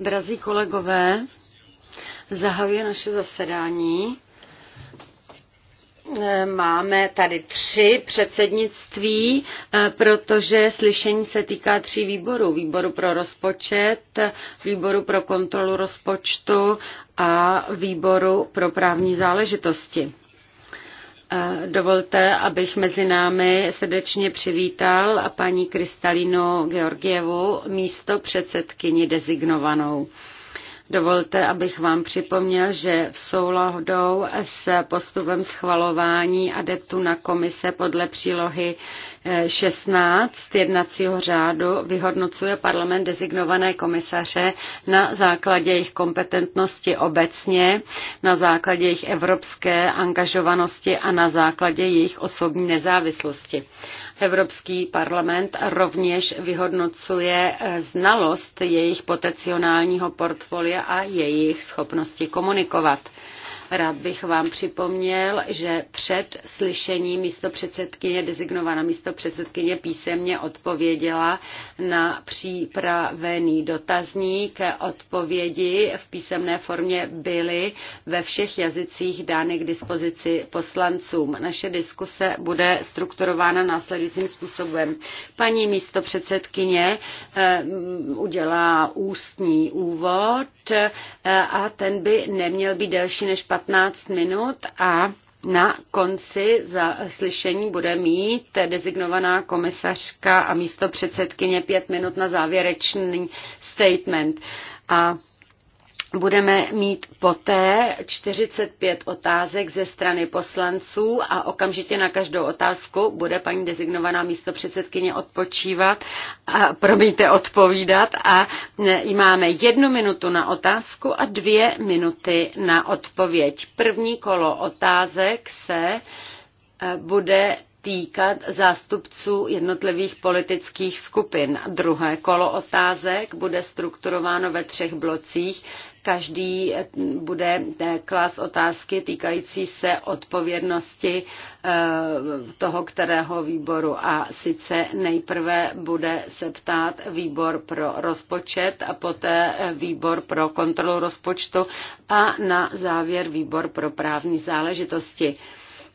Drazí kolegové, zahajuje naše zasedání. Eh, máme tady tři předsednictví, eh, protože slyšení se týká tří výborů. Výboru pro rozpočet, výboru pro kontrolu rozpočtu a výboru pro právní záležitosti. Dovolte, abych mezi námi srdečně přivítal a paní Kristalinu Georgievu, místo předsedkyni dezignovanou. Dovolte, abych vám připomněl, že v souladu s postupem schvalování adeptu na komise podle přílohy 16 jednacího řádu vyhodnocuje parlament designované komisaře na základě jejich kompetentnosti obecně, na základě jejich evropské angažovanosti a na základě jejich osobní nezávislosti. Evropský parlament rovněž vyhodnocuje eh, znalost jejich potenciálního portfolia a jejich schopnosti komunikovat. Rád bych vám připomněl, že před slyšením místo předsedkyně, designovaná místo předsedkyně písemně odpověděla na přípravený dotazník. Odpovědi v písemné formě byly ve všech jazycích dány k dispozici poslancům. Naše diskuse bude strukturována následujícím způsobem. Paní místo předsedkyně eh, udělá ústní úvod eh, a ten by neměl být delší než 15 minut a na konci za slyšení bude mít dezignovaná komisařka a místo předsedkyně pět minut na závěrečný statement. A budeme mít poté 45 otázek ze strany poslanců a okamžitě na každou otázku bude paní dezignovaná místo předsedkyně odpočívat a promiňte odpovídat a máme jednu minutu na otázku a dvě minuty na odpověď. První kolo otázek se e, bude týkat zástupců jednotlivých politických skupin. Druhé kolo otázek bude strukturováno ve třech blocích. Každý eh, bude eh, klas otázky týkající se odpovědnosti eh, toho, kterého výboru. A sice nejprve bude se ptát výbor pro rozpočet a poté výbor pro kontrolu rozpočtu a na závěr výbor pro právní záležitosti.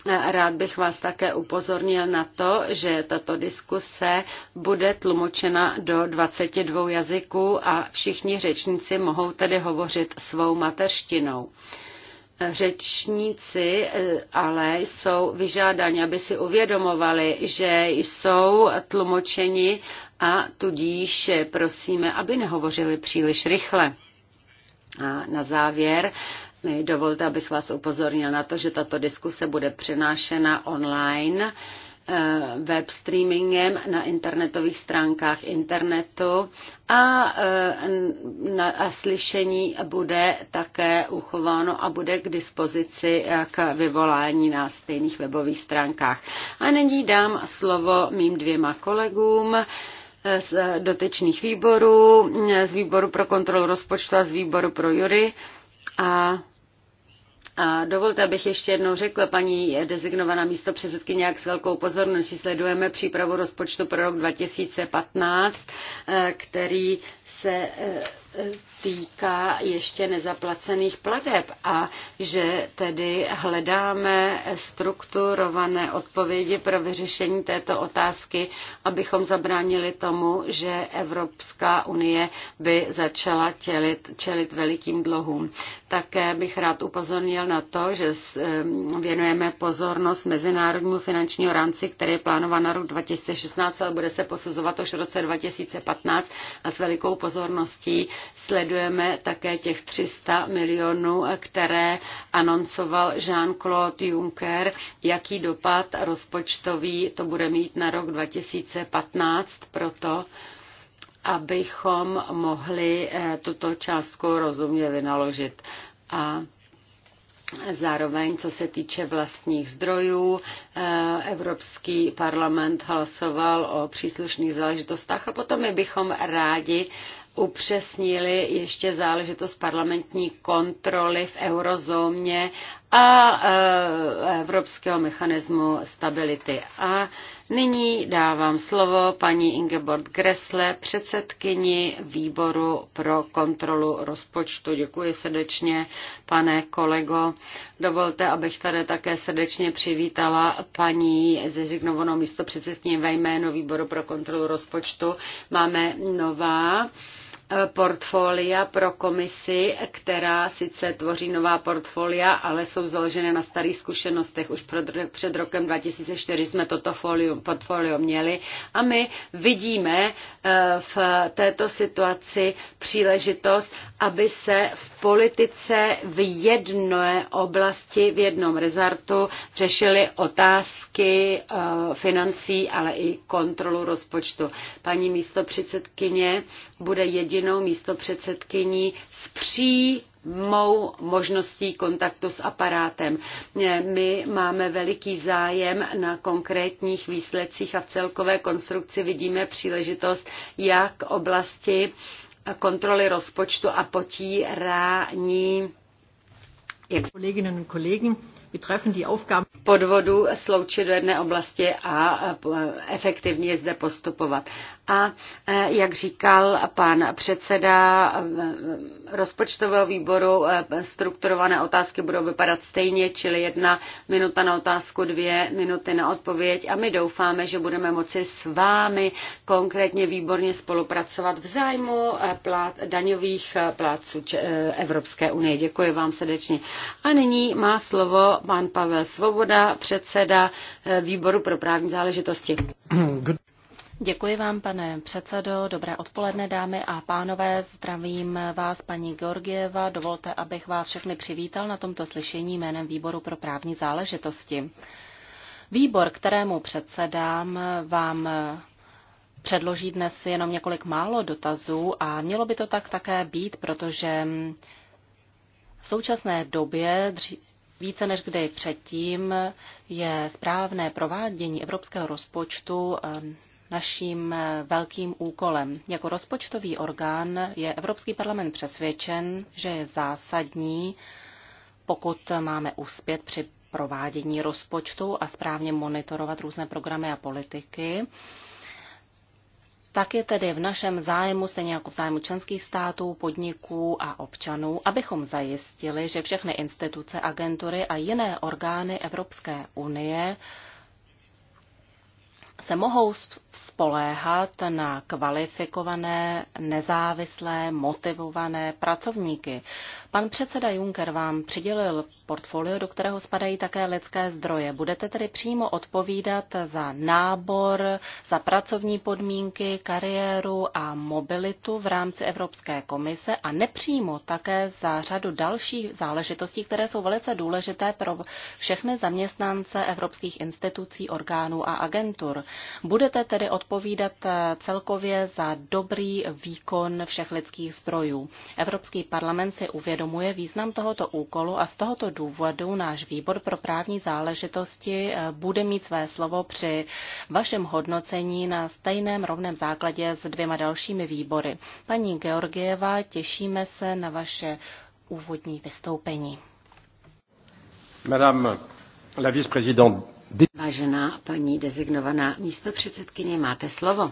Rád bych vás také upozornil na to, že tato diskuse bude tlumočena do 22 jazyků a všichni řečníci mohou tedy hovořit svou mateřštinou. Řečníci eh, ale jsou vyžádáni, aby si uvědomovali, že jsou tlumočeni a tudíž eh, prosíme, aby nehovořili příliš rychle. A na závěr Eh, dovolte, abych vás upozornil na to, že tato diskuse bude přenášena online eh, web streamingem na internetových stránkách internetu a, eh, na, a slyšení bude také uchováno a bude k dispozici k vyvolání na stejných webových stránkách. A nyní dám slovo mým dvěma kolegům z dotečných výborů, z výboru pro kontrolu rozpočtu a z výboru pro jury. A a dovolte, abych ještě jednou řekla, paní designovaná místo předsedkyně, jak s velkou pozorností sledujeme přípravu rozpočtu pro rok 2015, eh, který se eh, týká ještě nezaplacených plateb a že tedy hledáme strukturované odpovědi pro vyřešení této otázky, abychom zabránili tomu, že Evropská unie by začala čelit, čelit velikým dluhům. Také bych rád upozornil na to, že věnujeme pozornost mezinárodnímu finančního rámci, který je plánován na rok 2016, ale bude se posuzovat už v roce 2015 a s velikou pozorností sledujeme také těch 300 milionů, které anoncoval Jean-Claude Juncker, jaký dopad rozpočtový to bude mít na rok 2015, proto abychom mohli eh, tuto částku rozumně vynaložit. A Zároveň, co se týče vlastních zdrojů, eh, Evropský parlament hlasoval o příslušných záležitostech a potom my bychom rádi upřesnili ještě záležitost parlamentní kontroly v eurozóně a e, Evropského mechanismu stability. A nyní dávám slovo paní Ingeborg Gressle, předsedkyni výboru pro kontrolu rozpočtu. Děkuji srdečně, pane kolego. Dovolte, abych tady také srdečně přivítala paní zezignovanou místo předsedkyni ve jménu výboru pro kontrolu rozpočtu. Máme nová portfolia pro komisi, která sice tvoří nová portfolia, ale jsou založené na starých zkušenostech. Už před rokem 2004 jsme toto folium, portfolio měli a my vidíme eh, v této situaci příležitost, aby se v politice v jedné oblasti, v jednom rezortu řešili otázky eh, financí, ale i kontrolu rozpočtu. Paní místopředsedkyně bude jedinou místopředsedkyní s pří mou možností kontaktu s aparátem. Eh, my máme veliký zájem na konkrétních výsledcích a v celkové konstrukci vidíme příležitost, jak oblasti kontroly rozpočtu a potírání jak... Podvodu sloučit do jedné oblasti a efektivně zde postupovat. A e, jak říkal pan předseda e, rozpočtového výboru, e, strukturované otázky budou vypadat stejně, čili jedna minuta na otázku, dvě minuty na odpověď a my doufáme, že budeme moci s vámi konkrétně výborně spolupracovat v zájmu plát, daňových pláců Evropské unie. Děkuji vám srdečně. A nyní má slovo pan Pavel Svoboda, předseda eh, výboru pro právní záležitosti. Děkuji vám, pane předsedo. Dobré odpoledne, dámy a pánové. Zdravím vás, paní Georgieva. Dovolte, abych vás všechny přivítal na tomto slyšení jménem Výboru pro právní záležitosti. Výbor, kterému předsedám, vám předloží dnes jenom několik málo dotazů a mělo by to tak také být, protože v současné době více než kdy předtím je správné provádění evropského rozpočtu eh, naším eh, velkým úkolem. Jako rozpočtový orgán je Evropský parlament přesvědčen, že je zásadní, pokud máme uspět při provádění rozpočtu a správně monitorovat různé programy a politiky, tak je tedy v našem zájmu, stejně jako v zájmu členských států, podniků a občanů, abychom zajistili, že všechny instituce, agentury a jiné orgány Evropské unie se mohou spoléhat na kvalifikované, nezávislé, motivované pracovníky. Pan předseda Juncker vám přidělil portfolio, do kterého spadají také lidské zdroje. Budete tedy přímo odpovídat za nábor, za pracovní podmínky, kariéru a mobilitu v rámci Evropské komise a nepřímo také za řadu dalších záležitostí, které jsou velice důležité pro všechny zaměstnance evropských institucí, orgánů a agentur. Budete tedy odpovídat celkově za dobrý výkon všech lidských zdrojů. Evropský parlament si uvědomuje, uvědomuje význam tohoto úkolu a z tohoto důvodu náš výbor pro právní záležitosti eh, bude mít své slovo při vašem hodnocení na stejném rovném základě s dvěma dalšími výbory. Paní Georgieva, těšíme se na vaše úvodní vystoupení. Madame la vice Vážená paní dezignovaná místopředsedkyně, máte slovo.